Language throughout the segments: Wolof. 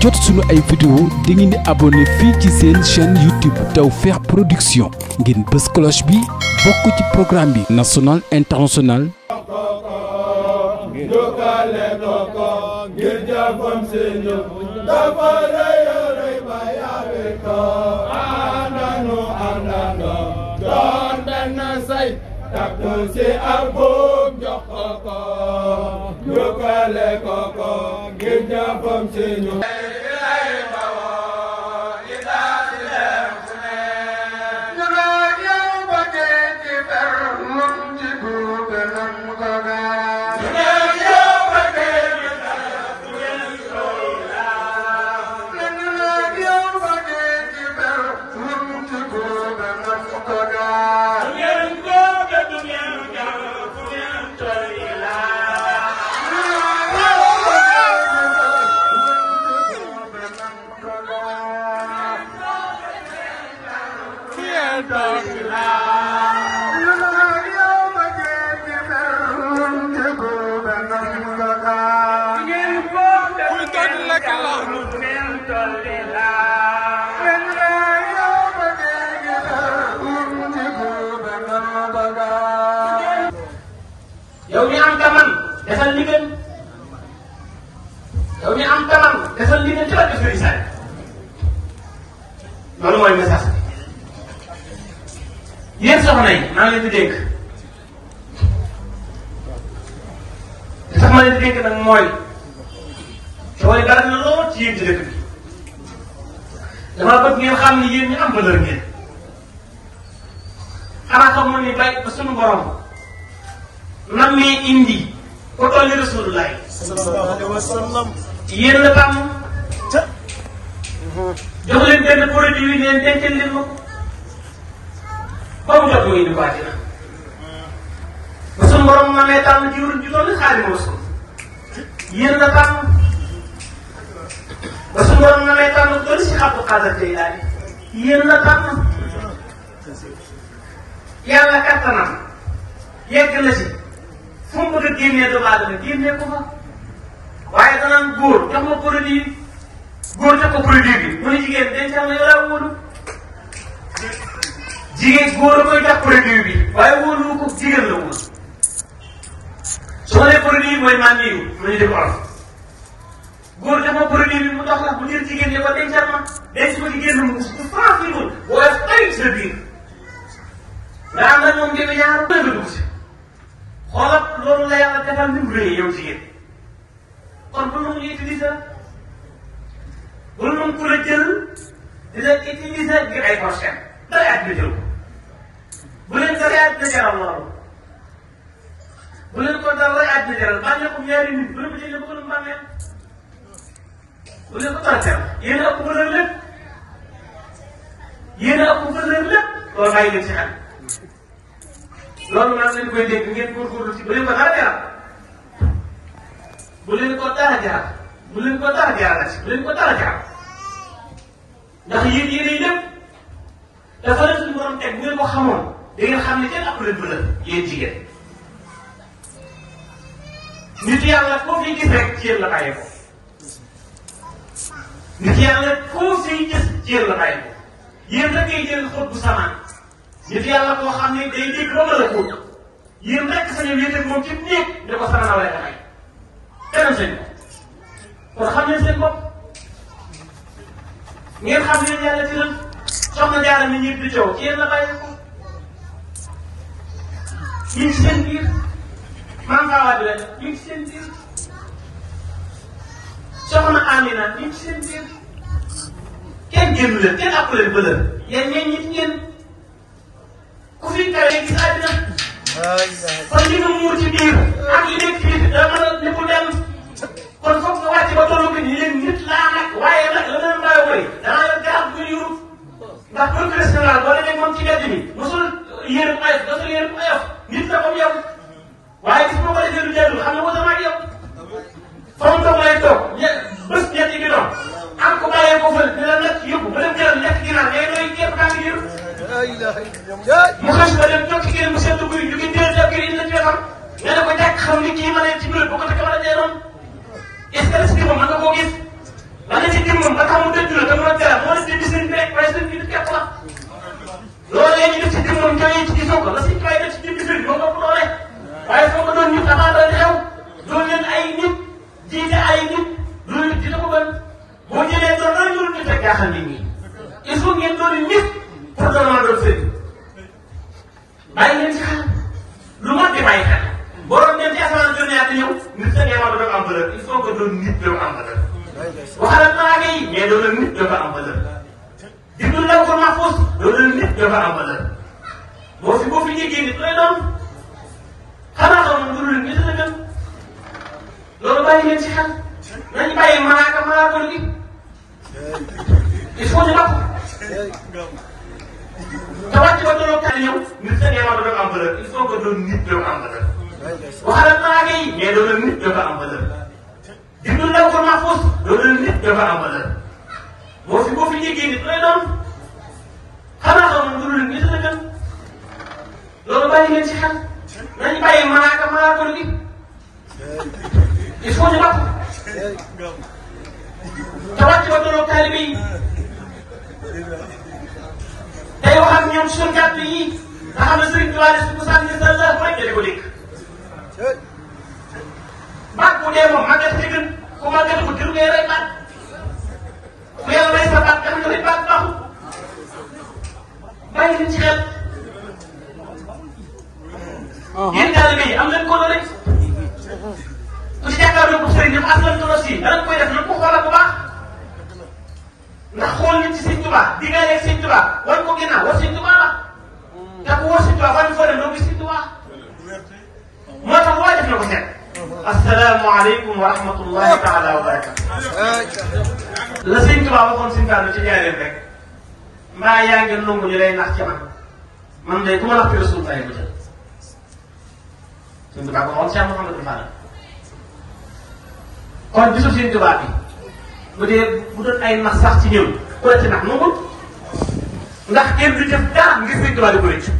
jot suñu ay vidéo da ngeen di abonné fii ci seen chaîne YouTube Tawfekh Production ngeen bës cloche bi bokk ci programme bi national international takku si ak buum jox ko ko jókkaale koko ngir jàppam ci desal li gën yow mi am taman desal li gën ci la def nga isaay loolu mooy message bi yéen soxna yi maa ngi leen di dénk li tax ma leen di dénk nag mooy coow yi bari na lool ci yéen ci dëkk bi damaa bëgg ngeen xam ni yéen ñi am valeur ngeen xanaa xamul ni bay ba sunu borom nam mi indi ku toll ni rasulullahi sallallahu alayhi wa sallam yéen la bàmm ca jox leen benn produit yi leen dencal leen ma ko ba mu jox mu indi ko àddina ba suñu borom ma nee tànn jiwru ju toll ni Xaadimu Rasuul yéen la bàmm ba suñu borom ma nee tànn toll si Abdou Xaadir Jeylaani yéen la bàmm yàlla kattanam yegg na si fu mu bëgg a génnee doomu aadama génnee ko fa waaye danaan góor jox ma produit góor jox ko produit bi mu ne jigéen dencal na yow laa wóolu jigéen góor a koy jox produit bi waaye wóolu ko jigéen la wóolu su ma nee produit bi mooy maa ngi nuyu mu ñu def olof góor jox ma produit bi mu dox la bu njëriñ jigéen ne ko dencal ma denc ma di génn mu faa fi mu booy xarit sa biir nga am na moom dégg ñaar dëgg dugg si xoolal loolu la yàlla defal ni mu rëy yow jigéen kon bu ñu ngi utiliser bul moom ku la jël di la utiliser ngir ay prochaine daraat nga jël ko bu leen daraat nga jaral loolu bu leen ko daraat nga jaral bànneexu ñaari nit bu leen ko jëlee ba ko doon bànneex bu leen ko tontel yéen a ëpp valeur lépp yéen a ëpp valeur lépp loolu bàyyi leen ci xel loolu maa ngi leen koy dégg ngeen góorgóorlu ci bu leen ko dara jaar bu leen ko dara jaar bu leen ko dara jaar bu leen ko dara jaar ndax yéen yéenay lépp dafa leen suñu borom teg bu ngeen ko xamoon da ngeen xam ne kenn ak leen du la yéen jigéen. nit yàlla koo fi gis rek ci yéen la bàyyi ko nit yàlla koo fi gis ci yéen la bàyyi ko yéen rek ngay jël xot bu samaan. nit yàlla koo xam ne day dégg ba mën a góor yéen rek sañu wéeteeg moom ci néeg ne ko sama naw lay dafay keneen seen bopp xam ngeen seen bopp ngeen xam ne yàlla ci lan soxna jaara mi ñëpp di coow ci yéen la bàyyi ko ñu ngi seen biir maam Fawal bi la ñu ngi seen biir soxna Amina ñu ngi seen biir kenn génn leen kenn àpp leen ku fi kawe gis àddina kon li nga muur ci biir ak li nekk fii da mën a li mu dem kon foog nga wàcc ba tollu ko ni nit laa nag waaye nag la leen bàyyi mooy danaa leen garab bu ñu yurub ndax procureur général boo demee moom ci mbedd mi mosul yéen oyof mosul yéen oyof xam ni kii ma leen ci biir bu ko ma am valeur boo fi boo fi jéggee nit lay doon xanaa xamul mbiru nit la gën loolu bàyyi leen ci xel nañu bàyyi malaaka malaaka gi il faut ñu napp te wàcc ba doon tànn yow nit da ngay wax dafa am valeur il faut que doon nit dafa am valeur waxal malaaka yi mais doon nit dafa am valeur di dundal ko maafuus doon nit dafa am valeur boo fi boo fi jéggee nit lay doon. bàyyi leen ci xel nañ bàyyi malaaka malaaka lu gi il faut ñu napp te wàcc ba doonoo taalibe yi day wax ak ñoom suñu gàtt yi nga xam ne Sëriñ Tuubaa su ko sànni sa la rek nga di ko dégg baat bu dee moom màggat te gën ku màggat ko jur ngay rey baat rahmatullahi taala wa barakatu la sëñ Tuubaa waxoon sëñ Fallu ci ñaareel rek mbaa yaa ngi nangu ñu lay nax ci man man de ku ma nax ci rasul tay bu jël sëñ Tuubaa ko waxoon Cheikh Mouhamadou Fall kon bisu sëñ bi bu dee bu doon ay nax sax ci ñëw ku la ci nax nungul ndax kenn du def dara ngir sëñ Tuubaa di ko rëccu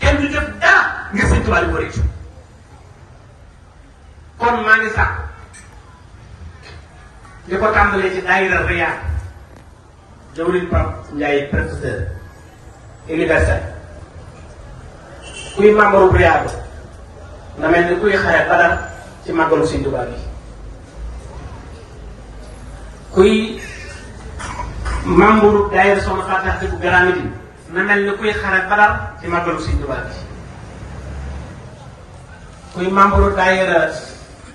kenn du def dara di ko rëccu kon maa ngi li ko tàmbalee ci daayira Riyad jawriñ Pape Ndiaye professeur universel kuy membre Riyad na mel ni kuy xare Badar ci màggalu Sëñ Tuubaa bi kuy membre daayira Soxna Fatou Ndiaye bu Grand Médine na mel ni kuy xare Badar ci màggalu Sëñ Tuubaa kuy membre daayira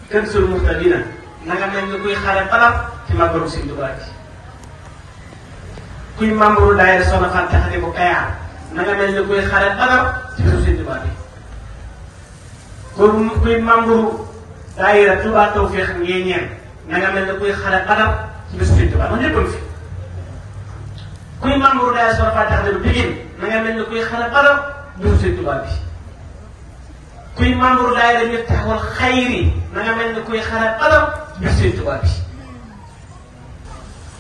Kanzul Muhtadina naka mel ni kuy xare balal ci màggalu Sëñ Tuubaa ji kuy membre daayira Soxna Fatou Diakhaté bu Kayaar naka mel ni kuy xare balal ci bisu Sëñ Tuubaa bi kon kuy membre daayira Touba Tawféex ngee ñeen naka mel ni kuy xare balal ci bisu Sëñ Tuubaa man ñëpp fi kuy membre daayira Soxna Fatou Diakhaté bu Bigin naka mel ni kuy xare balal bisu Sëñ Tuubaa bi. kuy membre laay la ñu taxawal xayri na nga mel ni kuy xaral alam bi suñ tubaab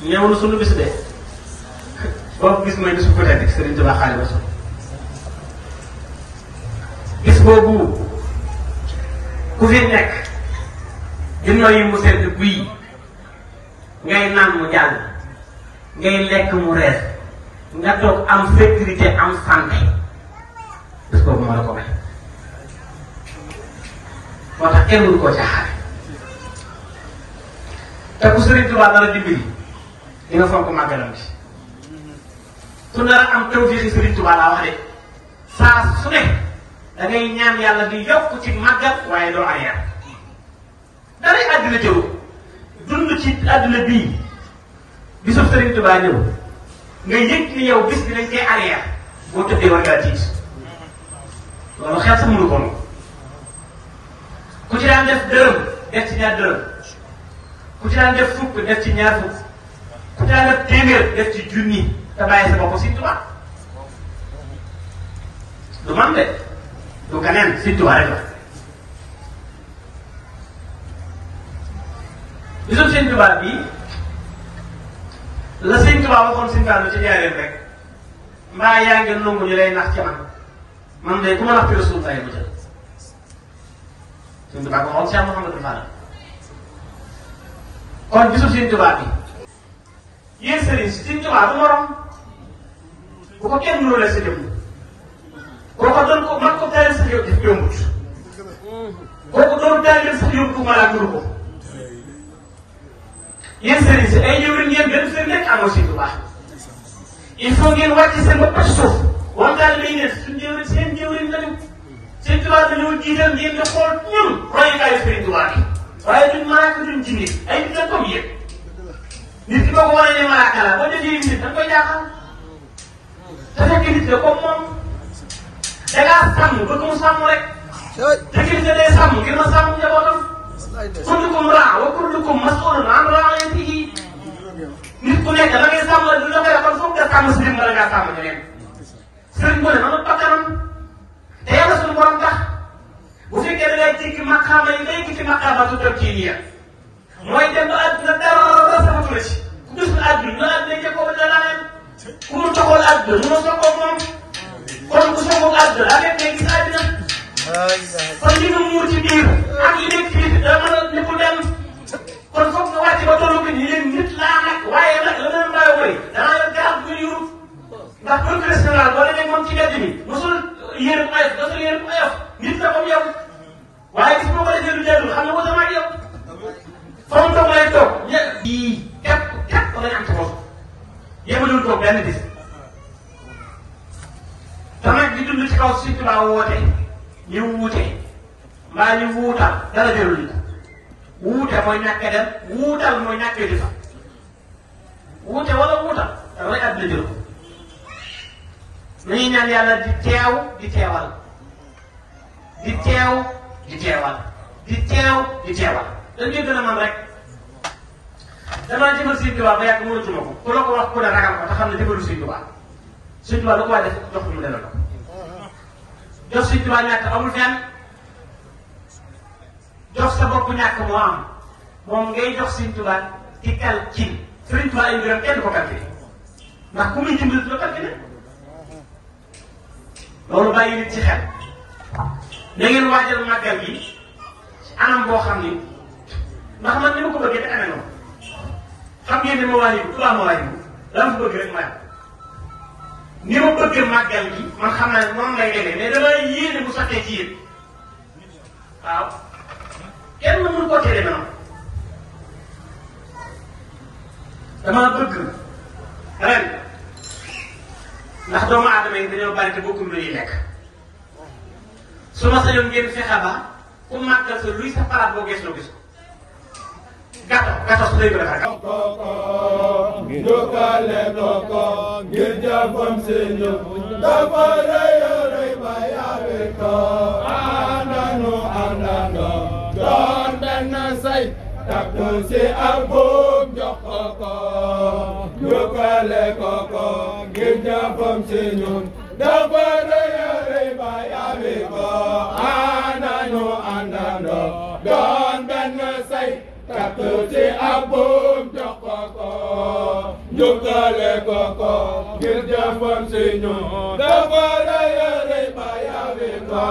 bi ñëw na sunu bis de boobu gis mooy bisu ko tedd Sëriñ Tuubaa xaali bis boobu ku fi nekk dina yu mu sedd guy ngay naan mu jàll ngay lekk nga toog am sécurité am santé moo tax kenn mënu koo caaxaare te ku Sëriñ Tuubaa dara dimbali di nga fonk màggalam bi ku nar a am tawfeexi Sëriñ Tuubaa laa wax de saa su ne da ngay ñaan yàlla di yokk ci màggal waaye doo arrière daray àddina teew dund ci àddina bii bisub Sëriñ Tuubaa ñëw nga yëg ni yow bis bi dañ koy arrière boo tëddee war ngaa tiit loolu xel sax mënu ko moom ku ci daan def dërëm def ci ñaar dërëm ku ci daan def fukk def ci ñaar ku ci daan def téeméer def ci junni te bàyyi sa bopp Sëriñ Tuubaa du man de du keneen bi la Sëriñ Tuubaa waxoon Sëriñ Fallu ci jaareem rek mbaa yaa ngi nangu ñu lay nax ci man tay mu ca Sëñ Tuubaa ko moom Cheikh Mouhamadou Fadal kon bisu Sëñ Tuubaa bi yéen sëriñ si Sëñ Tuubaa du morom bu ko kenn mënulee sa jëmm kooku doon ko man ko taaleel sax yow def yombut kooku doon taaleel sax yombut bu malaa mënu ko yéen sëriñ si ay jëwriñ ngeen benn sëriñ rek amoo Sëñ Tuubaa il faut ngeen wàcc seen bopp ci suuf waxtaan bi ngeen suñ jëwriñ seen jëwriñ tamit Sëñ Tuubaa dañoo jiital ngeen di xool ñun royukaayu Sëñ Tuubaa bi waaye duñ malaaka duñ jinne ay nit dañ ko yëg nit ki boo ko wane ne malaaka la boo déggee nit dañ koy jaaxal te fekk nit la comme moom da ngaa sàmm bëgg mu sàmm rek te nit ki day sàmm ngir ma sàmm njabootam kullukum raa wa kullukum mas'uulun an ra'iyyatihi nit ku nekk la ngay sàmm du la koy waxal foog nga sàmm si mbir nga la ngaa sàmm ñeneen sëriñ bu ne na ma bakkanam suñu borom tax bu fekkee da ngay jéggi maqaama yi ngay jéggi maqaamatu tamkiiniya mooy dem ba àdduna dara safatu la ci ku gisul àdduna na àdduna jëkkoo ba dara leen ku mu toxool àdduna mu ma sokkoo moom kon ku sokkoo àdduna avec ngay gis nag di dund ci kaw Sëñ Tuubaa woote ñu wuute mbaa ñu wuutal dara jarul ñu wuute mooy ñàkk a dem wuutal mooy ñàkk a jëfam wuute wala wuutal dafay at la jël ko nañuy ñaan yàlla di teew gi teewal di teew di teewal di teew di teewal dañ koy gën a mën rek damaa jëfal Sëñ Tuubaa ba yàgg mënatuma ko la ko wax ku ne ragal ko te xam ne jëfalu Sëñ Tuubaa Sëñ Tuubaa lu ko waay def jox ko jox suñ tubaab ñàkk amul fenn jox sa bopp ñàkk moo am moom ngay jox suñ tubaab di calcul sëriñ tubaab ay mbiram kenn ko calculé ndax ku muy dimbali du calculé loolu bàyyi nit ci xel ngeen waajal màggal gi ci anam boo xam ni ndax man ni ma ko bëggee te amee noonu xam ngeen ne ma waa yi bu tubaab ma waa yi la ma bëgg ni ma bëgg màggal gi man xam naa ne noonu lay demee mais damay yéene mu sottee ci yéen waaw kenn mënu ko tere maanaam damaa bëgg ren ndax doomu aadama yi dañoo bari te bokkul lu ñuy lekk su ma sañoon ngeen fexe ba ku màggal sa luy sa palaat boo gëstoo gis ko gàttal gàttal su dee ko defar jokkale koko ngir jàppam seen yëpp dafa rëy rëy ba yaabe ko àndanu àndanu doon benn say takk si ab buum jox koko jokkale koko ngir jàppam seen yëpp dafa rëy rëy ba yaabe ko àndanu àndanu doon benn say takk si ab buum boole koko ngir jëfam si ñu dafa rëy rëy ba yabi ko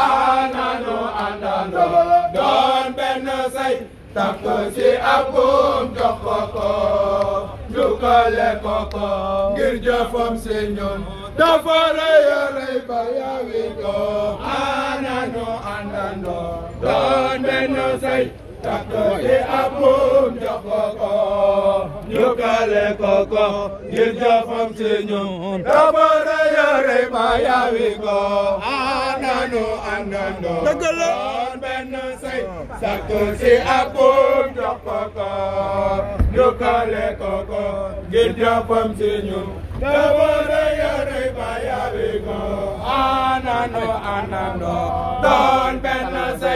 ananu andando doon benn say takk si abum jox koko njukkale koko ngir jëfam si ñu dafa rëy rëy ba yabi ko ananu andando doon benn say takk ci ab buum jox ko ko njukkale ko ko ngir jëfam ci ñun tabara yore ma yawi ko ananu andando doon benn say takk ci ab buum jox ko ko njukkale ko ko ngir jëfam ci ñun tabara yore ma yawi ko ananu andando